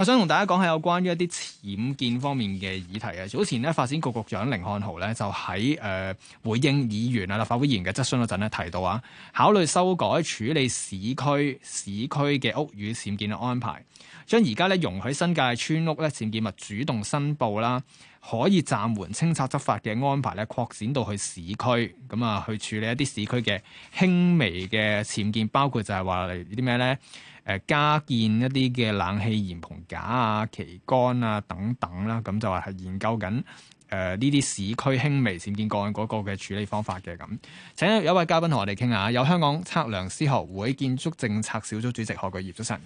我想同大家講下有關於一啲僭建方面嘅議題啊。早前咧，發展局局長甯漢豪咧就喺誒回應議員啊、立法會議員嘅質詢嗰陣咧提到啊，考慮修改處理市區市區嘅屋宇僭建嘅安排，將而家咧容許新界村屋咧僭建物主動申報啦，可以暫緩清拆執法嘅安排咧，擴展到去市區，咁啊去處理一啲市區嘅輕微嘅僭建，包括就係話嚟啲咩咧？誒，加建一啲嘅冷氣檐篷架啊、旗杆啊等等啦、啊，咁就係研究緊誒呢啲市區輕微僭建案嗰個嘅處理方法嘅。咁，請有一位嘉賓同我哋傾下，有香港測量師學會建築政策小組主席何鉅業先生，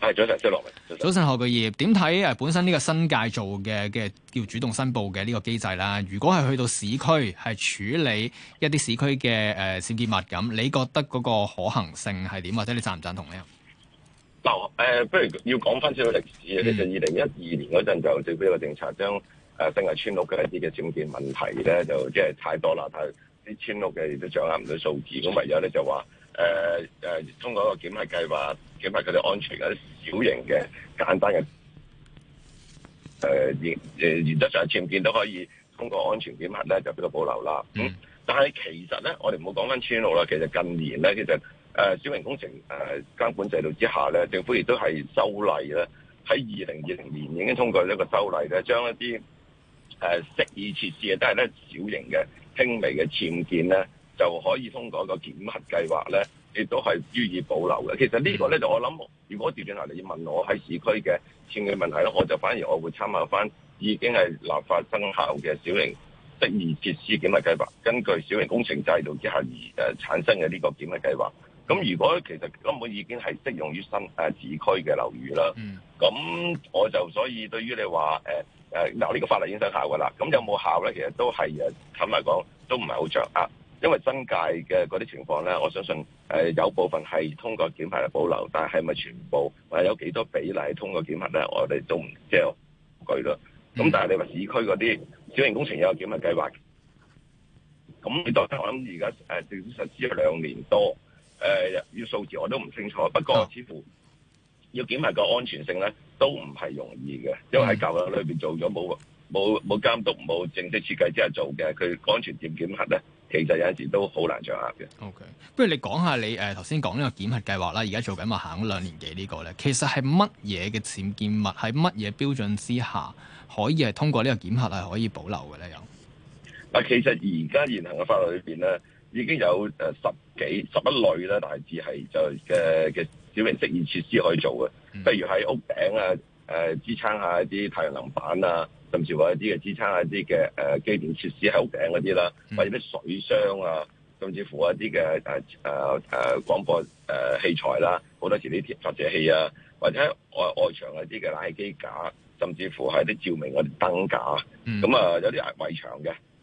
係早晨，朱樂早，早，早晨，何鉅業，點睇誒？本身呢個新界做嘅嘅叫主動申報嘅呢個機制啦，如果係去到市區係處理一啲市區嘅誒僭建物咁，咁你覺得嗰個可行性係點？或者你贊唔贊同呢？嗱，誒，不如要講翻少少歷史啊、嗯！其實二零一二年嗰陣就政府一個政策，將、呃、誒新界村屋嘅一啲嘅僭建問題咧，就即係太多啦，但係啲村屋嘅亦都掌握唔到數字。咁唯有咧就話誒誒，通過一個檢核計劃，檢核佢哋安全啲小型嘅、簡單嘅誒，原、呃、原則上嘅僭建都可以通過安全檢核咧，就俾佢保留啦。咁、嗯嗯、但係其實咧，我哋唔好講翻村屋啦，其實近年咧，其實。誒小型工程誒監管制度之下咧，政府亦都係修例咧。喺二零二零年已經通過一個修例咧，將一啲誒適宜設施啊，都係咧小型嘅輕微嘅僭建咧，就可以通過一個檢核計劃咧，亦都係予以保留嘅。其實這個呢個咧就我諗，如果調轉下你要問我喺市區嘅僭建問題咧，我就反而我會參考翻已經係立法生效嘅小型適宜設施檢核計劃，根據小型工程制度之下而誒產生嘅呢個檢核計劃。咁如果其實根本已經係適用於新誒市，啊，區嘅樓宇啦，咁、mm. 我就所以對於你話嗱呢個法例已經生效㗎啦。咁有冇效咧？其實都係誒，坦白講都唔係好着。啊。因為新界嘅嗰啲情況咧，我相信、呃、有部分係通過檢核嚟保留，但係咪全部或者有幾多比例通過檢核咧？我哋都唔即係據咯。咁、mm. 但係你話市區嗰啲小型工程有個檢核計劃，咁呢度得我諗而家誒正式實施兩年多。誒、呃，要數字我都唔清楚，不過我似乎要檢核個安全性咧，都唔係容易嘅，因為喺舊嘅裏邊做咗冇冇冇監督、冇正式設計之下做嘅，佢安全點檢核咧？其實有陣時都好難掌握嘅。O、okay. K，不如你講下你誒頭先講呢個檢核計劃啦，而家做緊咪行咗兩年幾呢、這個咧？其實係乜嘢嘅僭建物喺乜嘢標準之下可以係通過呢個檢核係可以保留嘅咧？又、呃、嗱，其實而家現行嘅法律裏邊咧。已經有誒十幾十一類啦，大致係就嘅嘅小型設施可以做嘅，譬、嗯、如喺屋頂啊誒、呃、支撐下、啊、啲太陽能板啊，甚至乎一啲嘅支撐下啲嘅誒機電設施喺屋頂嗰啲啦，或者啲水箱啊，甚至乎係一啲嘅誒誒誒廣播誒、啊、器材啦、啊，好多時啲天發射器啊，或者係外外牆嗰啲嘅冷氣機架，甚至乎係啲照明啲燈架，咁、嗯、啊有啲圍牆嘅。誒誒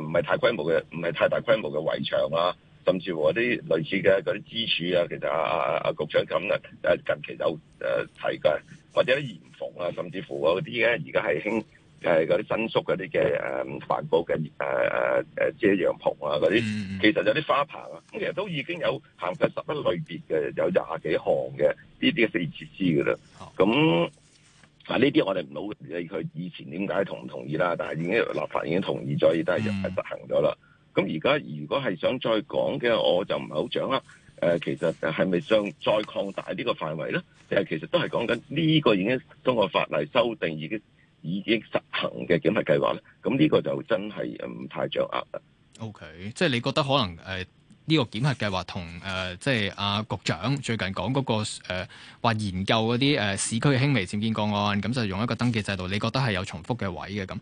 唔係太規模嘅，唔係太大規模嘅圍牆啊，啊，啊，啊，啊，啊，、呃、啊，甚至乎嗰啲類似嘅嗰啲支柱啊，其實阿局長咁嘅近期有誒提過嘅，或者啲檐篷啊，甚至乎嗰啲咧而家係興嗰啲新宿嗰啲嘅誒帆布嘅誒遮陽棚啊嗰啲，其實有啲花棚啊，咁其實都已經有行緊十一類別嘅，有廿幾項嘅呢啲嘅設施噶啦，咁。嗱、啊，呢啲我哋唔好理佢以前點解同唔同意啦，但係已經立法已經同意咗，亦都係實行咗啦。咁而家如果係想再講嘅，我就唔係好掌握。誒、呃，其實係咪想再擴大呢個範圍咧？誒、呃，其實都係講緊呢個已經通過法例修訂，已經已經實行嘅檢核計劃咧。咁呢個就真係唔太掌握啦。OK，即係你覺得可能誒？呢、這個檢核計劃同誒，即係阿、啊、局長最近講嗰、那個誒，話、呃、研究嗰啲誒市區輕微僭建個案，咁就用一個登記制度，你覺得係有重複嘅位嘅咁？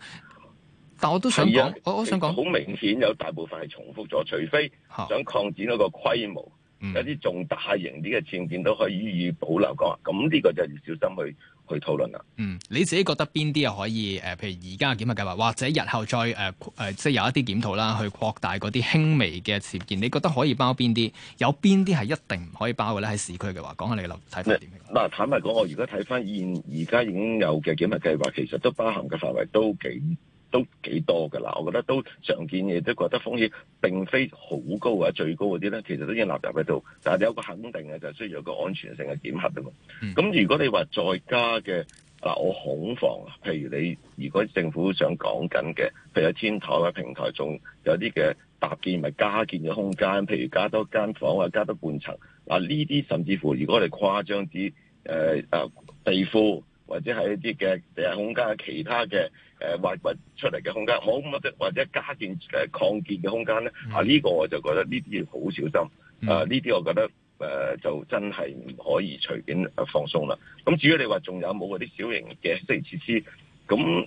但我都想講、哦，我我想講，好明顯有大部分係重複咗，除非想擴展一個規模，啊、有啲仲大型啲嘅僭建都可以予以保留。講話咁呢個就是要小心去去討論噶，嗯，你自己覺得邊啲又可以誒、呃？譬如而家嘅檢核計劃，或者日後再誒誒、呃呃，即係有一啲檢討啦，去擴大嗰啲輕微嘅僭建，你覺得可以包邊啲？有邊啲係一定唔可以包嘅咧？喺市區嘅話，講下你嘅睇法係點？嗱、啊，坦白講，我如果睇翻現而家已經有嘅檢核計劃，其實都包含嘅範圍都幾。都幾多㗎啦，我覺得都常見嘅，都覺得風險並非好高或者最高嗰啲咧，其實都已經納入喺度。但係你有個肯定嘅就係、是、需要有個安全性嘅檢核啊嘛。咁如果你話再加嘅嗱，我恐防，譬如你如果政府想講緊嘅，譬如天台啊、平台仲有啲嘅搭建咪加建嘅空間，譬如加多間房啊、加多半層嗱，呢啲甚至乎如果你誇張啲誒啊地庫。或者係一啲嘅地下空間嘅其他嘅誒挖掘出嚟嘅空間，可唔、呃、或者加建誒、呃、擴建嘅空間咧？啊，呢、呢個我就覺得呢啲要好小心。啊、呃，呢啲我覺得誒、呃、就真係唔可以隨便誒放鬆啦。咁至於你話仲有冇嗰啲小型嘅即係設施咁？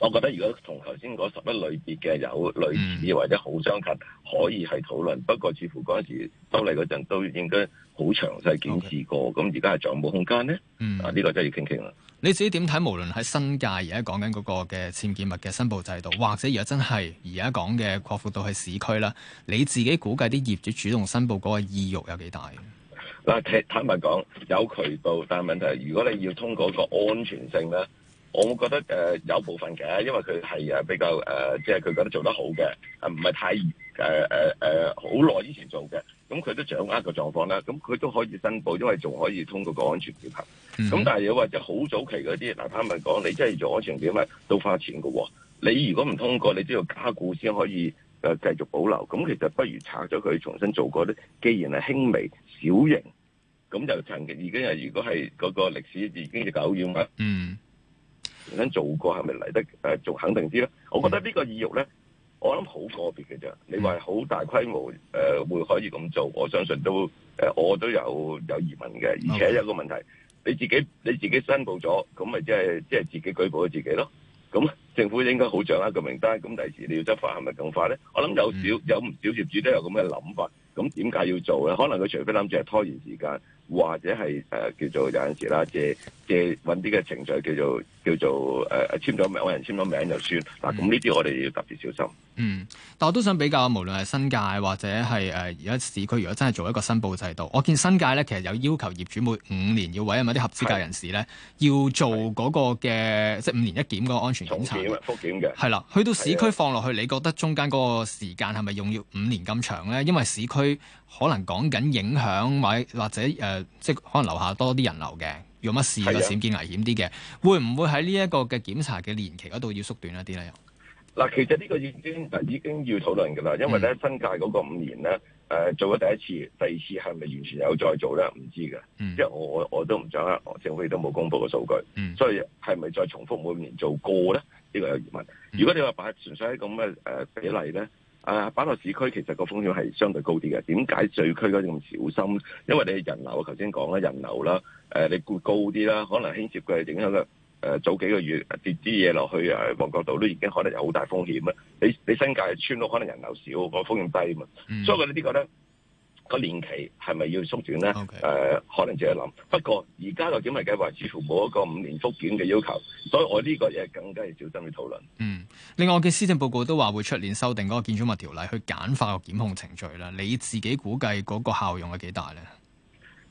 我覺得如果同頭先嗰十一類別嘅有類似或者好相近，嗯、可以係討論。不過，似乎嗰陣時收嚟嗰陣都應該好詳細檢視過。咁而家係仲有冇空間呢？嗯、啊，呢、呢個真係要傾傾啦。你自己點睇？無論喺新界而家講緊嗰個嘅僭建物嘅申報制度，或者而家真係而家講嘅擴闊到係市區啦，你自己估計啲業主主動申報嗰個意欲有幾大？嗱，坦坦白講有渠道，但係問題係，如果你要通過個安全性咧。我覺得誒、呃、有部分嘅，因為佢係誒比較誒，即係佢覺得做得好嘅，唔係太誒誒誒好耐以前做嘅，咁佢都掌握個狀況啦。咁佢都可以申報，因為仲可以通過個安，安全檢核。咁、mm -hmm. 但係如果話就好早期嗰啲，嗱，佢咪講你真係做安全檢核都花錢㗎喎、哦。你如果唔通過，你都要加固先可以誒、呃、繼續保留。咁其實不如拆咗佢，重新做過咧。既然係輕微小型，咁就曾經已經係如果係嗰個歷史已經係久遠啦。嗯、mm -hmm.。做過係咪嚟得誒仲、呃、肯定啲咧？Mm. 我覺得呢個呢個意欲咧，我諗好個別嘅啫。你話好大規模、呃、會可以咁做，我相信都、呃、我都有有疑問嘅。而且有個問題，mm. 你自己你自己申報咗，咁咪即係即係自己舉報咗自己咯。咁政府應該好掌握個名單，咁第時你要執法係咪咁快咧？我諗有少有唔少業主都有咁嘅諗法，咁點解要做咧？可能佢除非諗住係拖延時間。或者係誒、呃、叫做有陣時啦，借借揾啲嘅程序叫做叫做誒、呃、簽咗名，有人簽咗名就算。嗱，咁呢啲我哋要特別小心。嗯，嗯，但我都想比較，無論係新界或者係誒而家市區，如果真係做一個申報制度，我見新界咧其實有要求業主每五年要委任一啲合資格人士咧，要做嗰個嘅即係五年一檢個安全檢查。重檢啊，復檢嘅。係啦，去到市區放落去，你覺得中間嗰個時間係咪用要五年咁長咧？因為市區可能講緊影響或者誒。呃即係可能留下多啲人流嘅，用乜事個閃見危險啲嘅，會唔會喺呢一個嘅檢查嘅年期嗰度要縮短一啲咧？嗱，其實呢個已經已經要討論㗎喇，因為咧、嗯、新界嗰個五年咧，誒、呃、做咗第一次、第二次係咪完全有再做咧？唔知嘅，即、嗯、係我我都唔掌握，我政府亦都冇公布嘅數據，嗯、所以係咪再重複每年做過咧？呢、呢個有疑問。嗯、如果你話擺純粹喺咁嘅誒比例咧？啊！擺落市區其實個風險係相對高啲嘅，點解聚區嗰啲咁小心？因為你人流啊，頭先講啦，人流啦，誒、呃，你攰高啲啦，可能牽涉嘅影響嘅誒，早幾個月跌啲嘢落去啊，旺角度都已經可能有好大風險啊！你你新界村都可能人流少，個風險低嘛。嗯、所以我哋呢個咧個年期係咪要縮短咧？誒、okay. 呃，可能就要諗。不過而家個點嚟計劃似乎冇一個五年復檢嘅要求，所以我呢個嘢更加要小心去討論。嗯另外，嘅施政報告都話會出年修訂嗰個建築物條例，去簡化個檢控程序啦。你自己估計嗰個效用係幾大咧？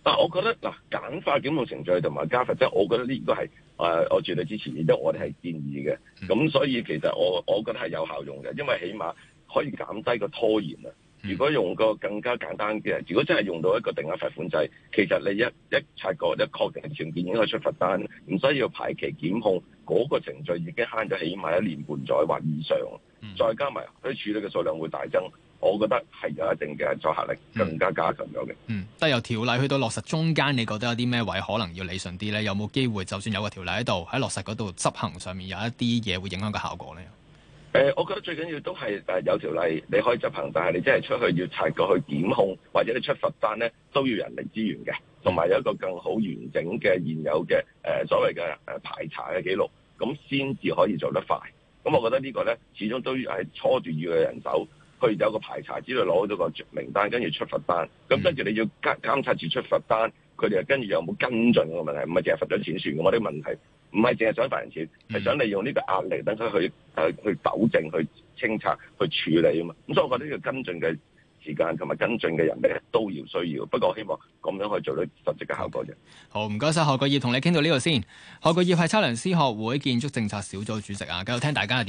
啊，我覺得嗱，簡化檢控程序同埋加罰則，即我覺得呢個係、呃、我絕對支持，亦都我哋係建議嘅。咁、嗯、所以其實我我覺得係有效用嘅，因為起碼可以減低個拖延啊。如果用個更加簡單嘅，如果真係用到一個定額罰款制，其實你一一察覺一確定條件已經出罰單，唔需要排期檢控。嗰、那個程序已經慳咗起碼一年半載或以上，嗯、再加埋佢處理嘅數量會大增，我覺得係有一定嘅阻嚇力，更加加強咗嘅。嗯，但係由條例去到落實中間，你覺得有啲咩位可能要理順啲咧？有冇機會就算有個條例喺度，喺落實嗰度執行上面有一啲嘢會影響個效果咧、呃？我覺得最緊要都係有條例，你可以執行，但係你真係出去要察過去檢控，或者你出罰單咧，都要人力資源嘅。同埋有一個更好完整嘅現有嘅所謂嘅排查嘅記錄，咁先至可以做得快。咁我覺得個呢個咧，始終都要喺初段要人手去有個排查資料，之類攞到個名單，跟住出罰單。咁跟住你要監察住出罰單，佢哋又跟住有冇跟進問題、個問題，唔係淨係罰咗錢算嘅。我啲問題唔係淨係想罰人錢，係想利用呢個壓力等佢去去去糾正、去清拆、去處理啊嘛。咁所以我覺得呢個跟進嘅。時間同埋跟進嘅人力，都要需要。不過希望咁樣可以做到實際嘅效果嘅。好，唔該晒何鉅業，同你傾到呢度先。何鉅業係測量師學會建築政策小組主席啊，繼續聽大家。